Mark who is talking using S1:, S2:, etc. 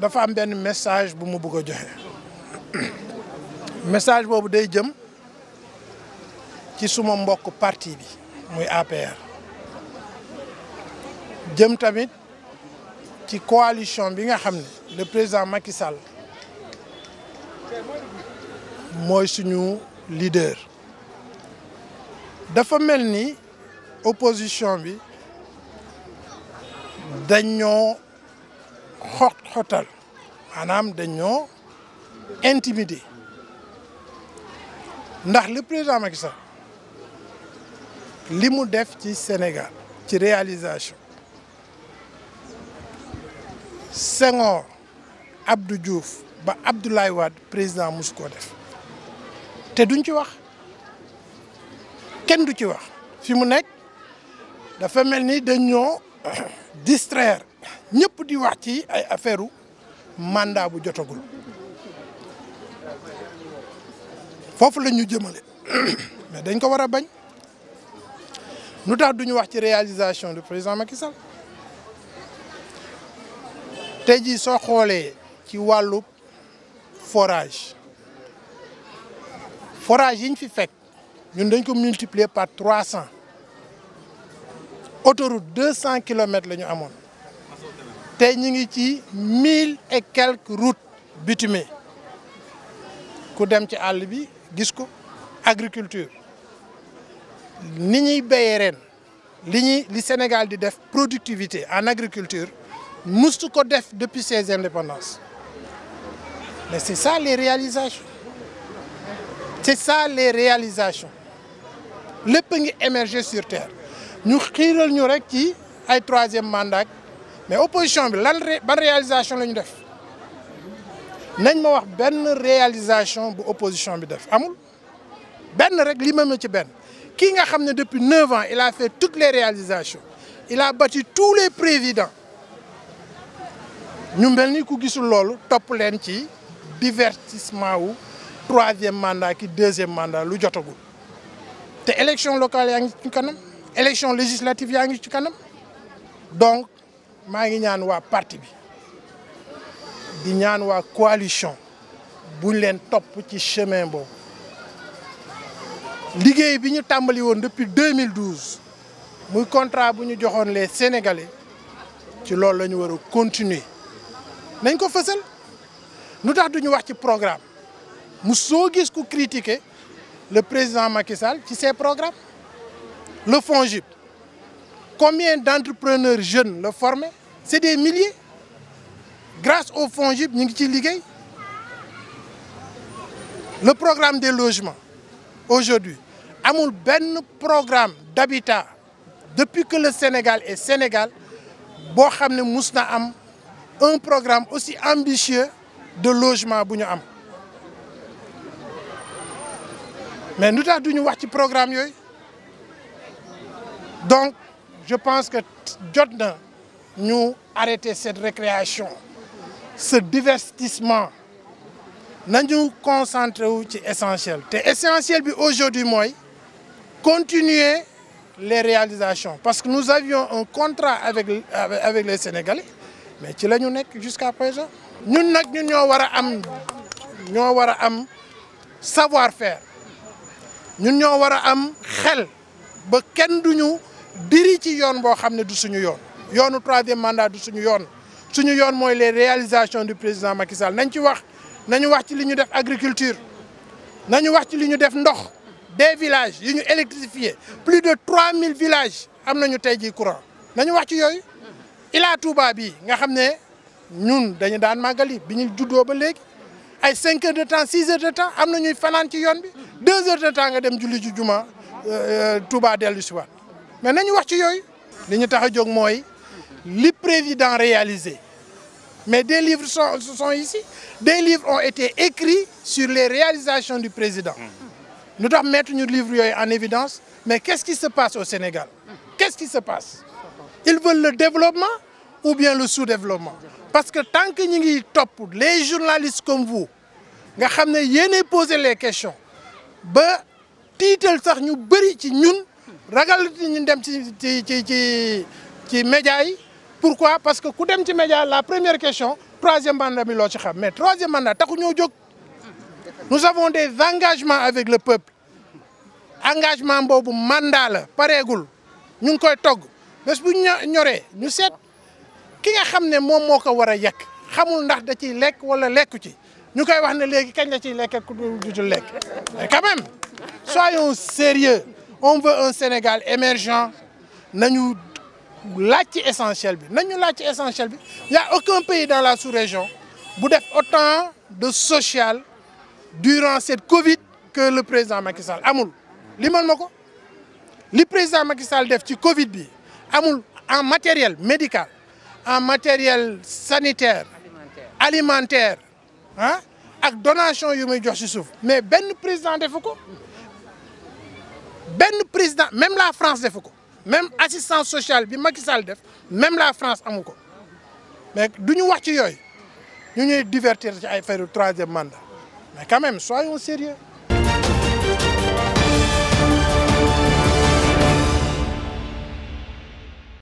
S1: Je am un message bu mu message vous day jëm ci suma parti bi muy APR jëm tamit coalition bi nga le président Macky Sall leader dafa melni opposition bi dañoo hot hotel. Manam dañoo intimider ndax le président Macky Sall def ci Sénégal ci réalisation Senghor Abdou Diouf ba Abdoulaye Wad président musko def té duñ ci wax kenn du ci wax fi mu nekk dafa melni ni distraire ñëpp di wax ci ay affaire mandat bu jotagul fofu lañu jëmele mais dañ ko wara bañ lu ta duñu wax ci réalisation du président Macky Sall tey jii soo xoolee ci walu forage forage yi ñu fi fek ñun dañ ko multiplier par 300 autoroute 200 km lañu la nous avons ngi et quelques routes bitumées ku dem ci agriculture ni ñuy béyee ren li Sénégal di la productivité en agriculture depuis ses indépendances mais c'est ça les réalisations c'est ça les réalisations Le ngi émergé sur terre Nous avons ñu troisième mandat mais l'opposition, bi réalisation nous ñu def nañ ma réalisation de opposition bi def amul ben rek li ma ci depuis 9 ans il a fait toutes les réalisations il a battu tous les présidents nous avons ni ku gisul divertissement ou troisième mandat ki deuxième mandat lu jotagul té élection locale yaa ci kanam élection législative ci kanam donc je ñaan parti bi di ñaan pour coalition buñ leen top ci chemin La Ligue bi ñu tàmbali depuis 2012 muy contrat nous avons joxoon les sénégalais ci ce que nous continuer nañ ko fait. lu Nous duñu wax programme Nous sommes gis critiquer le président Macky Sall ci ses programmes le FONGIP Combien d'entrepreneurs jeunes le former C'est des milliers. Grâce au fonds JIP, Le programme de logement. aujourd'hui, a un programme d'habitat depuis que le Sénégal est Sénégal, nous avons un programme aussi ambitieux de logement. Mais nous avons ce programme. Donc, je pense que nous devons arrêter cette récréation ce divertissement Nous nous concentrons sur l'essentiel. essentiel aujourd'hui continuer les réalisations parce que nous avions un contrat avec avec les Sénégalais mais ci que nous jusqu'à présent Nous devons ñun savoir-faire nous devons wara am biri ci yoon boo xam ne du suñu yoon yoonu troisième mandat du suñu yoon suñu yoon mooy les réalisations du président Macky Sall nañ ci wax nañu wax ci li ñu def agriculture nañu wax ci li def ndox des villages yi ñu électrifié plus de 3000 villages am nañu tey jii courant nañu wax ci Il a Touba bii nga xam ne ñun dañu daan màggali bi juddoo ba léegi ay 5 heures de temps 6 heures de temps am na ñuy fanaan ci yoon bi 2 heures de temps nga dem julli ci juma euh, euh, Touba dellu si waat mais nous avons ci yooyu li ñu président réalisé mais des livres sont sont ici des livres ont été écrits sur les réalisations du président Nous devons mettre nos livres en évidence mais qu'est-ce qui se passe au Sénégal qu'est-ce qui se passe ils veulent le développement ou bien le sous-développement parce que tant que nous sommes top..! les journalistes comme vous nga ne poser les questions ba sax ñu ci ragal ñu dem ci pourquoi parce que ku dem média la première question troisième mandat mais troisième mandat nous avons des engagements avec le peuple engagement bobu mandat la parégul ñu koy togg nous bu ñoré ñu sét ki nga ne moko wara yak xamul ndax da des quand même soyons sérieux on veut un Sénégal émergent nous laaj essentiel bi nañu essentiel a aucun pays dans la sous-région qui a autant de social durant cette Covid que le président Macky Sall amul l'Iman ma le Le président Macky Sall a ci Covid bi en matériel médical en matériel sanitaire alimentaire avec hein, ak donation Mais muy jox mais président de président même la France même l'assistance sociale même la France a mais nous nous wax ci divertir ci faire le troisième mandat mais quand même soyons sérieux